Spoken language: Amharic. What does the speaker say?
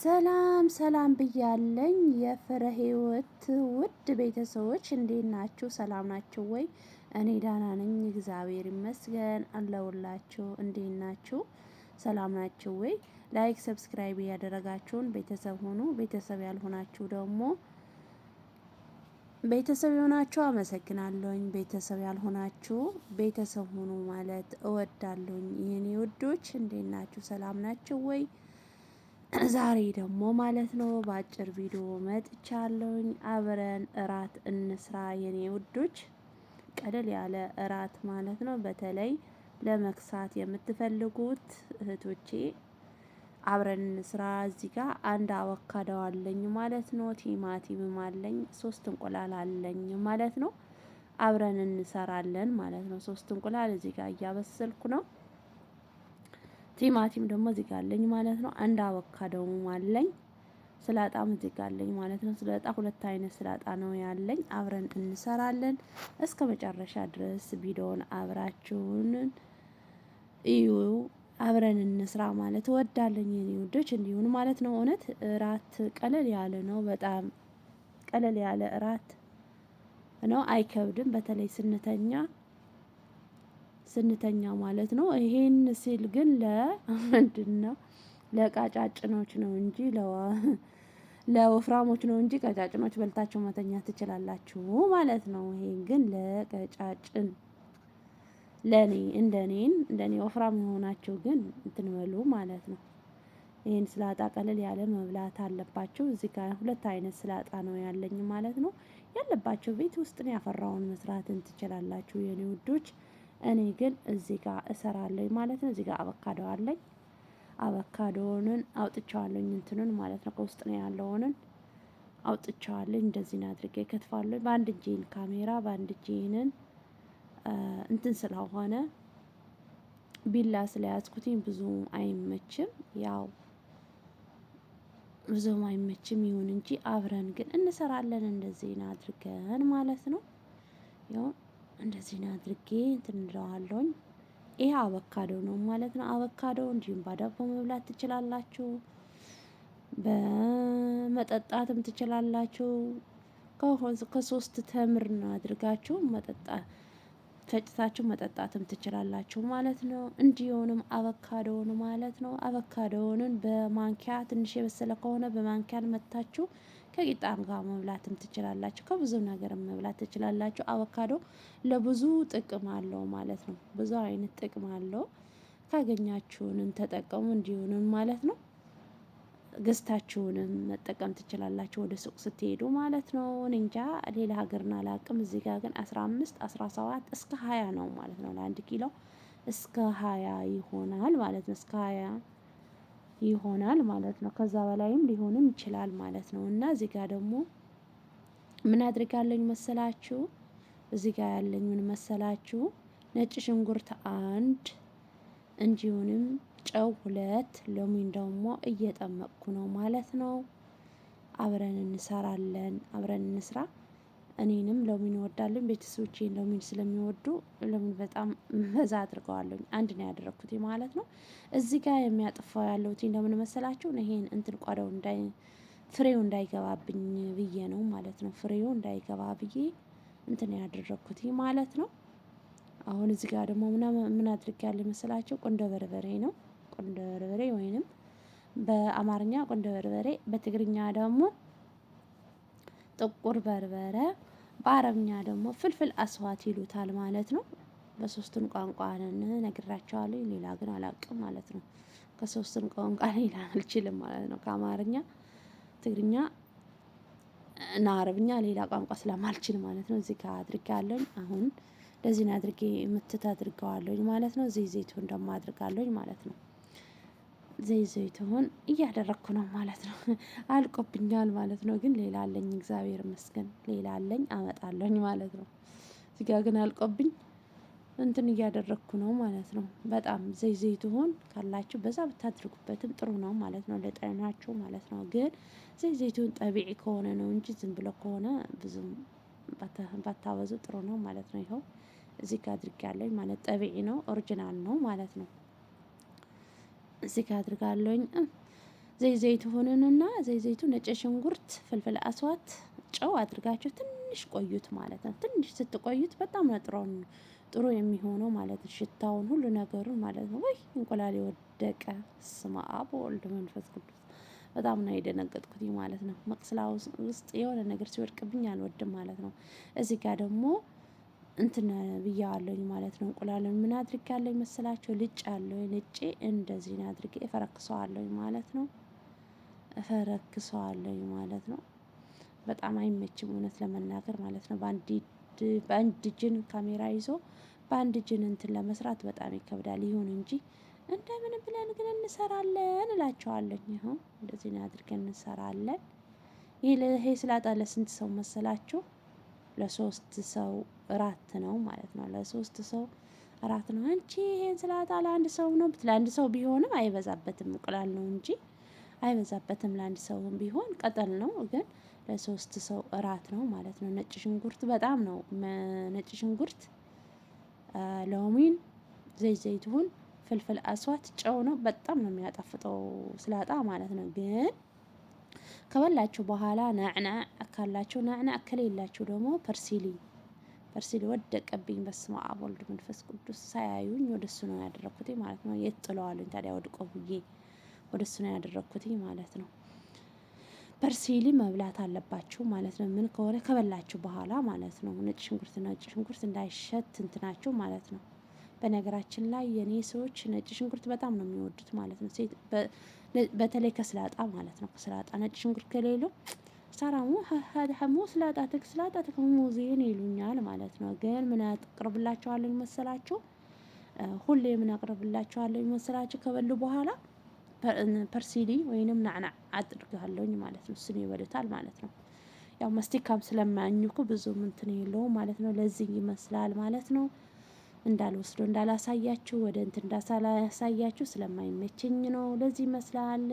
ሰላም ሰላም ብያለኝ። የፍረ ህይወት ውድ ቤተሰቦች እንዴት ናችሁ? ሰላም ናችሁ ወይ? እኔ ዳና ነኝ፣ እግዚአብሔር ይመስገን አለውላችሁ። እንዴት ናችሁ? ሰላም ናችሁ ወይ? ላይክ ሰብስክራይብ እያደረጋችሁን ቤተሰብ ሆኑ። ቤተሰብ ያልሆናችሁ ደግሞ ቤተሰብ የሆናችሁ አመሰግናለሁኝ። ቤተሰብ ያልሆናችሁ ቤተሰብ ሆኑ ማለት እወዳለሁኝ። የኔ ውዶች እንዴት ናችሁ? ሰላም ናችሁ ወይ? ዛሬ ደግሞ ማለት ነው በአጭር ቪዲዮ መጥቻለሁኝ። አብረን እራት እንስራ የኔ ውዶች፣ ቀለል ያለ እራት ማለት ነው። በተለይ ለመክሳት የምትፈልጉት እህቶቼ አብረን እንስራ። እዚህ ጋር አንድ አቮካዶ አለኝ ማለት ነው። ቲማቲምም አለኝ፣ ሶስት እንቁላል አለኝ ማለት ነው። አብረን እንሰራለን ማለት ነው። ሶስት እንቁላል እዚህ ጋር እያበሰልኩ ነው። ቲማቲም ደግሞ እዚህ ጋር አለኝ ማለት ነው። አንድ አቮካዶም አለኝ። ስላጣም እዚህ ጋር አለኝ ማለት ነው። ስላጣ ሁለት አይነት ስላጣ ነው ያለኝ። አብረን እንሰራለን። እስከ መጨረሻ ድረስ ቪዲዮን አብራችሁን እዩ። አብረን እንስራ ማለት ወዳለኝ የኔ ውዶች። እንዲሁን ማለት ነው እውነት እራት ቀለል ያለ ነው። በጣም ቀለል ያለ እራት ነው። አይከብድም። በተለይ ስንተኛ ስንተኛ ማለት ነው። ይሄን ሲል ግን ለምንድን ነው ለቀጫጭኖች ነው እንጂ ለወፍራሞች ነው እንጂ ቀጫጭኖች በልታችሁ መተኛ ትችላላችሁ ማለት ነው። ይሄ ግን ለቀጫጭን ለኔ እንደኔን እንደኔ ወፍራም የሆናችሁ ግን እንትንበሉ ማለት ነው። ይህን ስላጣ ቀለል ያለ መብላት አለባቸው። እዚህ ጋር ሁለት አይነት ስላጣ ነው ያለኝ ማለት ነው። ያለባቸው ቤት ውስጥ ያፈራውን መስራትን ትችላላችሁ የኔ ውዶች። እኔ ግን እዚ ጋር እሰራለኝ ማለት ነው። እዚ ጋር አቮካዶ አለኝ። አቮካዶውን አውጥቸዋለኝ እንትኑን ማለት ነው። ከውስጥ ነው ያለውንን አውጥቸዋለኝ። እንደዚህ ነው አድርጌ ከትፋለሁ። በአንድ እጄን ካሜራ በአንድ እጄንን እንትን ስለሆነ ቢላ ስለያዝኩትኝ ብዙ አይመችም ያው ብዙም አይመችም። ይሁን እንጂ አብረን ግን እንሰራለን እንደዚህ አድርገን ማለት ነው። ያው እንደዚህ ነው አድርጌ እንትን ይሄ ይህ አቮካዶ ነው ማለት ነው። አቮካዶ እንዲሁም በዳቦ መብላት ትችላላችሁ፣ በመጠጣትም ትችላላችሁ። ከሶስት ተምር ነው አድርጋችሁ መጠጣት ፈጭታችሁ መጠጣትም ትችላላችሁ ማለት ነው። እንዲሁንም አቮካዶውን ማለት ነው። አቮካዶውን በማንኪያ ትንሽ የበሰለ ከሆነ በማንኪያን መታችሁ ከቂጣም ጋር መብላትም ትችላላችሁ። ከብዙ ነገር መብላት ትችላላችሁ። አቮካዶ ለብዙ ጥቅም አለው ማለት ነው። ብዙ አይነት ጥቅም አለው። ካገኛችሁንም ተጠቀሙ እንዲሆንም ማለት ነው። ገዝታችሁንም መጠቀም ትችላላችሁ ወደ ሱቅ ስትሄዱ ማለት ነው። እንጃ ሌላ ሀገርን አላውቅም። እዚህ ጋር ግን አስራ አምስት አስራ ሰባት እስከ ሀያ ነው ማለት ነው ለአንድ ኪሎ እስከ ሀያ ይሆናል ማለት ነው። እስከ ሀያ ይሆናል ማለት ነው። ከዛ በላይም ሊሆንም ይችላል ማለት ነው። እና እዚህ ጋር ደግሞ ምን አድርጋለኝ መሰላችሁ? እዚህ ጋር ያለኝ ምን መሰላችሁ? ነጭ ሽንኩርት አንድ እንዲሁንም ጨው ሁለት ሎሚን ደግሞ እየጠመቅኩ ነው ማለት ነው። አብረን እንሰራለን። አብረን እንስራ። እኔንም ሎሚን እወዳለሁ ቤተሰቦቼን ሎሚን ስለሚወዱ ሎሚን በጣም መዛ አድርገዋለኝ። አንድ ነው ያደረግኩት ማለት ነው። እዚ ጋ የሚያጠፋው ያለሁት እንደምን መሰላችሁ ይሄን እንትን ቋዳው እንዳይ ፍሬው እንዳይገባብኝ ብዬ ነው ማለት ነው ፍሬው እንዳይገባ ብዬ እንትን ያደረግኩት ማለት ነው። አሁን እዚ ጋ ደግሞ ምን አድርግ ያለ መሰላችሁ ቁንዶ በርበሬ ነው ቁንዶ በርበሬ ወይንም በአማርኛ ቁንዶ በርበሬ በትግርኛ ደግሞ ጥቁር በርበሬ በአረብኛ ደግሞ ፍልፍል አስዋት ይሉታል ማለት ነው። በሶስቱም ቋንቋ ነግራቸዋለሁ። ሌላ ግን አላውቅም ማለት ነው። ከሶስቱም ቋንቋ ሌላ አልችልም ማለት ነው። ከአማርኛ፣ ትግርኛ እና አረብኛ ሌላ ቋንቋ ስለማልችል ማለት ነው። እዚህ ጋር አድርጌ ያለኝ አሁን እንደዚህ አድርጌ ምትት አድርገዋለኝ ማለት ነው። እዚህ ዘይቱን ደግሞ አድርጋለኝ ማለት ነው። ዘይዘይትሁን እያደረግኩ ነው ማለት ነው። አልቆብኛል ማለት ነው። ግን ሌላ አለኝ እግዚአብሔር ይመስገን ሌላ አለኝ አመጣለኝ ማለት ነው። እዚጋ ግን አልቆብኝ እንትን እያደረግኩ ነው ማለት ነው። በጣም ዘይዘይትሁን ካላችሁ በዛ ብታድርጉበትም ጥሩ ነው ማለት ነው ለጤናችሁ ማለት ነው። ግን ዘይትሁን ጠቢዒ ከሆነ ነው እንጂ ዝም ብሎ ከሆነ ብዙም ባታበዙ ጥሩ ነው ማለት ነው። ይኸው እዚህ ጋር አድርጌያለሁ ማለት ጠቢዒ ነው ኦሪጂናል ነው ማለት ነው እዚህ ጋር አድርጋለሁኝ። ዘይ ዘይቱንና ዘይ ዘይቱ፣ ነጭ ሽንኩርት፣ ፍልፍል አስዋት፣ ጨው አድርጋችሁ ትንሽ ቆዩት ማለት ነው። ትንሽ ስትቆዩት በጣም ጥሩ ጥሩ የሚሆነው ማለት ነው። ሽታውን ሁሉ ነገሩን ማለት ነው። ወይ እንቁላል የወደቀ ስማ አብ ወልድ መንፈስ ቅዱስ። በጣም ነው የደነገጥኩት ማለት ነው። መቅሰላ ውስጥ የሆነ ነገር ሲወድቅብኝ አልወድም ማለት ነው። እዚህ ጋር ደግሞ እንትን ብያዋለኝ ማለት ነው። እንቁላሉን ምን አድርግ ያለኝ መሰላችሁ? ልጭ አለኝ ልጭ እንደዚህ ነው አድርጌ እፈረክሰዋለሁ ማለት ነው። እፈረክሰዋለሁ ማለት ነው። በጣም አይመችም እውነት ለመናገር ማለት ነው። በአንድ በአንድ እጅን ካሜራ ይዞ በአንድ እጅን እንትን ለመስራት በጣም ይከብዳል። ይሁን እንጂ እንደምን ብለን ግን እንሰራለን እላቸዋለሁ። ይሁን እንደዚህ ነው አድርገን እንሰራለን። ይሄ ስላጣ ለስንት ሰው መሰላችሁ? ለሶስት ሰው እራት ነው ማለት ነው። ለሶስት ሰው እራት ነው። አንቺ ይሄን ስላጣ ለአንድ ሰው ነው ለአንድ ሰው ቢሆንም አይበዛበትም፣ እንቁላል ነው እንጂ አይበዛበትም። ለአንድ ሰው ቢሆን ቀጠል ነው፣ ግን ለሶስት ሰው እራት ነው ማለት ነው። ነጭ ሽንኩርት በጣም ነው ነጭ ሽንኩርት፣ ሎሚን፣ ዘይት ዘይቱን፣ ፍልፍል አስዋት፣ ጨው ነው። በጣም ነው የሚያጣፍጠው ስላጣ ማለት ነው። ግን ከበላችሁ በኋላ ናዕና ካላችሁ ናዕና፣ ከሌላችሁ ደግሞ ፐርሲሊ በርሲ ሊወደቀብኝ በስመ አብ ወልድ መንፈስ ቅዱስ ሳያዩኝ ወደ እሱ ነው ያደረግኩትኝ ማለት ነው። የት ጥለዋሉኝ ታዲያ ወድቆ ብዬ ወደ ነው ያደረግኩትኝ ማለት ነው። ፐርሲሊ መብላት አለባችሁ ማለት ነው። ምን ከሆነ ከበላችሁ በኋላ ማለት ነው። ነጭ ሽንኩርት ነጭ ሽንኩርት እንዳይሸት እንትናችሁ ማለት ነው። በነገራችን ላይ የኔ ሰዎች ነጭ ሽንኩርት በጣም ነው የሚወዱት ማለት ነው። በተለይ ከስላጣ ማለት ነው። ከስላጣ ነጭ ሽንኩርት ከሌለው ሳራሙ ሀሙ ስላጣትክ ስላጣትክ ሙዚን ይሉኛል ማለት ነው። ግን ምን አቅርብላችኋለሁ ይመስላችሁ? ሁሌ ምን አቅርብላችኋለሁ ይመስላችሁ? ከበሉ በኋላ ፐርሲሊ ወይንም ናዕና አድርጋለሁኝ ማለት ነው። እሱን ይበሉታል ማለት ነው። ያው መስቲካም ስለማያኝኩ ብዙ ምንትን የለውም ማለት ነው። ለዚህ ይመስላል ማለት ነው። እንዳልወስዶ እንዳላሳያችሁ ወደ እንትን ያሳያችሁ ስለማይመቸኝ ነው። ለዚህ ይመስላል።